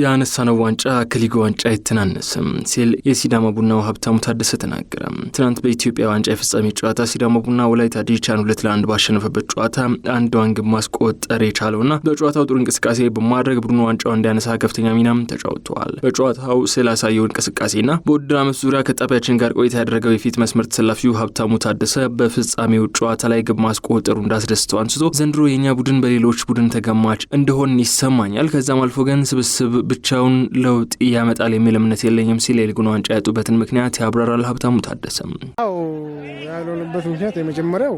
ያነሳነው ዋንጫ ከሊጉ ዋንጫ አይተናነስም ሲል የሲዳማ ቡናው ሀብታሙ ታደሰ ተናገረ። ትናንት በኢትዮጵያ ዋንጫ የፍጻሜ ጨዋታ ሲዳማ ቡና ወላይታ ዲቻን ሁለት ለአንድ ባሸነፈበት ጨዋታ አንዷን ግብ ማስቆጠር የቻለውና በጨዋታው ጥሩ እንቅስቃሴ በማድረግ ቡድኑ ዋንጫው እንዲያነሳ ከፍተኛ ሚናም ተጫውተዋል። በጨዋታው ስላሳየው እንቅስቃሴና በውድድር አመት ዙሪያ ከጣቢያችን ጋር ቆይታ ያደረገው የፊት መስመር ተሰላፊው ሀብታሙ ታደሰ በፍጻሜው ጨዋታ ላይ ግብ ማስቆጠሩ እንዳስደስተው አንስቶ ዘንድሮ የእኛ ቡድን በሌሎች ቡድን ተገማች እንደሆን ይሰማኛል። ከዛም አልፎ ግን ስብስብ ብቻውን ለውጥ እያመጣል የሚል እምነት የለኝም ሲል የሊጉን ዋንጫ ያጡበትን ምክንያት ያብራራል። ሀብታሙ ታደሰም ያው ያልሆነበት ምክንያት የመጀመሪያው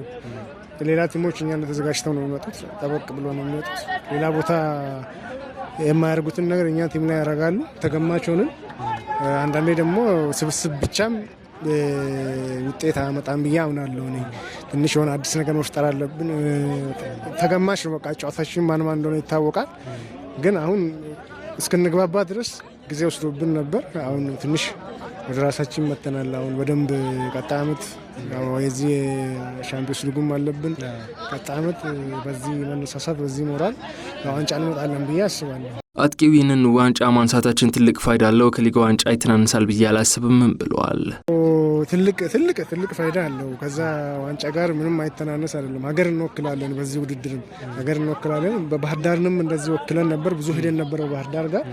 ሌላ ቲሞች እኛን ተዘጋጅተው ነው የሚመጡት። ጠበቅ ብሎ ነው የሚመጡት። ሌላ ቦታ የማያደርጉትን ነገር እኛ ቲም ላይ ያደርጋሉ። ተገማች አንዳንዴ ደግሞ ስብስብ ብቻም ውጤት አመጣም ብዬ አምናለሁ። እኔ ትንሽ የሆነ አዲስ ነገር መፍጠር አለብን። ተገማሽ ነው በቃ ጨዋታችን ማን ማን እንደሆነ ይታወቃል። ግን አሁን እስክንግባባ ድረስ ጊዜ ወስዶብን ነበር። አሁን ትንሽ ወደ ራሳችን መተናል። አሁን በደንብ ቀጣ ዓመት የዚህ ሻምፒዮንስ ሊጉም አለብን። ቀጣ ዓመት በዚህ መነሳሳት በዚህ ሞራል ዋንጫ እንመጣለን ብዬ አስባለሁ። አጥቂው ይህንን ዋንጫ ማንሳታችን ትልቅ ፋይዳ አለው፣ ከሊጋ ዋንጫ ይተናነሳል ብዬ አላስብም ብለዋል። ትልቅ ትልቅ ትልቅ ፋይዳ አለው። ከዛ ዋንጫ ጋር ምንም አይተናነስ አይደለም። ሀገር እንወክላለን፣ በዚህ ውድድርም ሀገር እንወክላለን። በባህር ዳርንም እንደዚህ ወክለን ነበር። ብዙ ሄደን ነበረ ባህር ዳር ጋር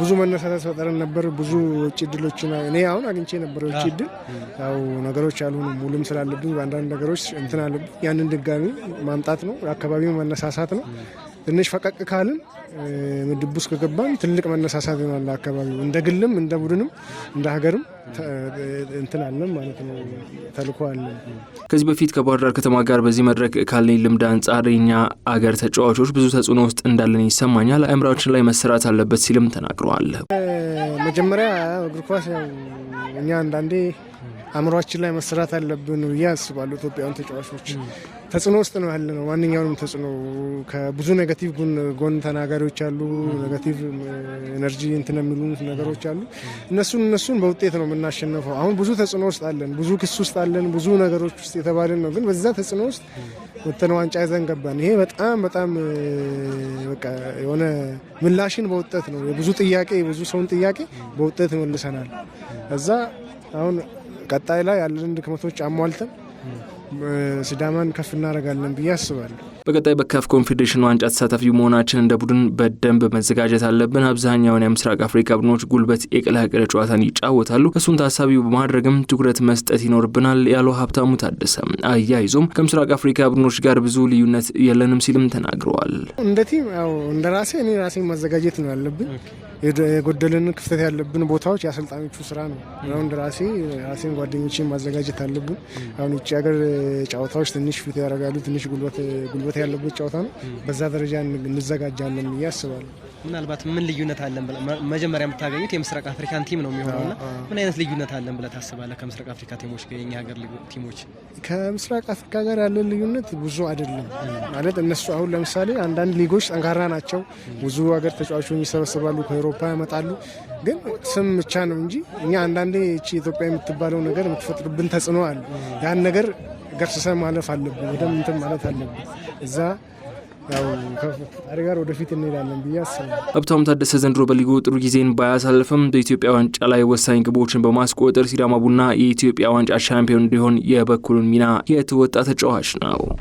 ብዙ መነሳሳት ፈጠረን ነበር። ብዙ ውጭ ድሎችን እኔ አሁን አግኝቼ ነበር። ውጭ ድል ያው ነገሮች አልሆኑም። ውልም ስላለብኝ በአንዳንድ ነገሮች እንትን አለብኝ። ያንን ድጋሚ ማምጣት ነው። አካባቢው መነሳሳት ነው። ትንሽ ፈቀቅ ካልን ምድብ ውስጥ ከገባን ትልቅ መነሳሳት ይሆናል። አካባቢው እንደ ግልም እንደ ቡድንም እንደ ሀገርም እንትን አለን ማለት ነው። ተልኮ አለን። ከዚህ በፊት ከባህር ዳር ከተማ ጋር በዚህ መድረክ ካለኝ ልምድ አንጻር የኛ አገር ተጫዋቾች ብዙ ተጽዕኖ ውስጥ እንዳለን ይሰማኛል። አእምራችን ላይ መሰራት አለበት ሲልም ተናግረዋል። መጀመሪያ እግር ኳስ እኛ አንዳንዴ አእምሯችን ላይ መሰራት አለብን ብዬ አስባለሁ። ኢትዮጵያውያን ተጫዋቾች ተጽዕኖ ውስጥ ነው ያለ ነው። ማንኛውንም ተጽዕኖ ከብዙ ኔጋቲቭ ጎን ተናጋሪዎች አሉ። ኔጋቲቭ ኤነርጂ እንትን የሚሉ ነገሮች አሉ። እነሱን እነሱን በውጤት ነው የምናሸነፈው። አሁን ብዙ ተጽዕኖ ውስጥ አለን፣ ብዙ ክስ ውስጥ አለን፣ ብዙ ነገሮች ውስጥ የተባለን ነው። ግን በዛ ተጽዕኖ ውስጥ ወተን ዋንጫ ይዘን ገባን። ይሄ በጣም በጣም በቃ የሆነ ምላሽን በውጤት ነው። የብዙ ጥያቄ የብዙ ሰውን ጥያቄ በውጤት መልሰናል። እዛ አሁን ቀጣይ ላይ ያለን ድክመቶች አሟልተን ሲዳማን ከፍ እናደርጋለን ብዬ አስባለሁ። በቀጣይ በካፍ ኮንፌዴሬሽን ዋንጫ ተሳታፊ መሆናችን እንደ ቡድን በደንብ መዘጋጀት አለብን። አብዛኛውን የምስራቅ አፍሪካ ቡድኖች ጉልበት የቀላቀለ ጨዋታን ይጫወታሉ። እሱን ታሳቢ በማድረግም ትኩረት መስጠት ይኖርብናል ያለው ሀብታሙ ታደሰ አያይዞም ከምስራቅ አፍሪካ ቡድኖች ጋር ብዙ ልዩነት የለንም ሲልም ተናግረዋል። እንደ ቲም ያው እንደ ራሴ እኔ ራሴ ማዘጋጀት ነው ያለብን። የጎደልን ክፍተት ያለብን ቦታዎች የአሰልጣኞቹ ስራ ነው። አሁን እንደ ራሴ ራሴን ጓደኞችን ማዘጋጀት አለብን። አሁን ውጭ ሀገር ጨዋታዎች ትንሽ ፊት ያደርጋሉ። ትንሽ ጉልበት ያለበት ጨዋታ ነው። በዛ ደረጃ እንዘጋጃለን ብዬ አስባለሁ። ምናልባት ምን ልዩነት አለን ብለህ መጀመሪያ የምታገኙት የምስራቅ አፍሪካን ቲም ነው የሚሆነውና ምን አይነት ልዩነት አለን ብለህ ታስባለህ? ከምስራቅ አፍሪካ ቲሞች ጋር የኛ ሀገር ቲሞች ከምስራቅ አፍሪካ ጋር ያለን ልዩነት ብዙ አይደለም ማለት እነሱ አሁን ለምሳሌ አንዳንድ ሊጎች ጠንካራ ናቸው። ብዙ ሀገር ተጫዋቾች የሚሰበስባሉ፣ ከአውሮፓ ያመጣሉ። ግን ስም ብቻ ነው እንጂ እኛ አንዳንዴ ይቺ ኢትዮጵያ የምትባለው ነገር የምትፈጥርብን ተጽዕኖ አለ ያን ነገር ገርስሰን ማለፍ አለብን። ወደም እንትን ማለት አለብን። እዛ ከፈጣሪ ጋር ወደፊት እንሄዳለን ብዬ አስባለሁ። ሀብታሙ ታደሰ ዘንድሮ በሊጉ ጥሩ ጊዜን ባያሳልፍም በኢትዮጵያ ዋንጫ ላይ ወሳኝ ግቦችን በማስቆጠር ሲዳማ ቡና የኢትዮጵያ ዋንጫ ሻምፒዮን እንዲሆን የበኩሉን ሚና የተወጣ ተጫዋች ነው።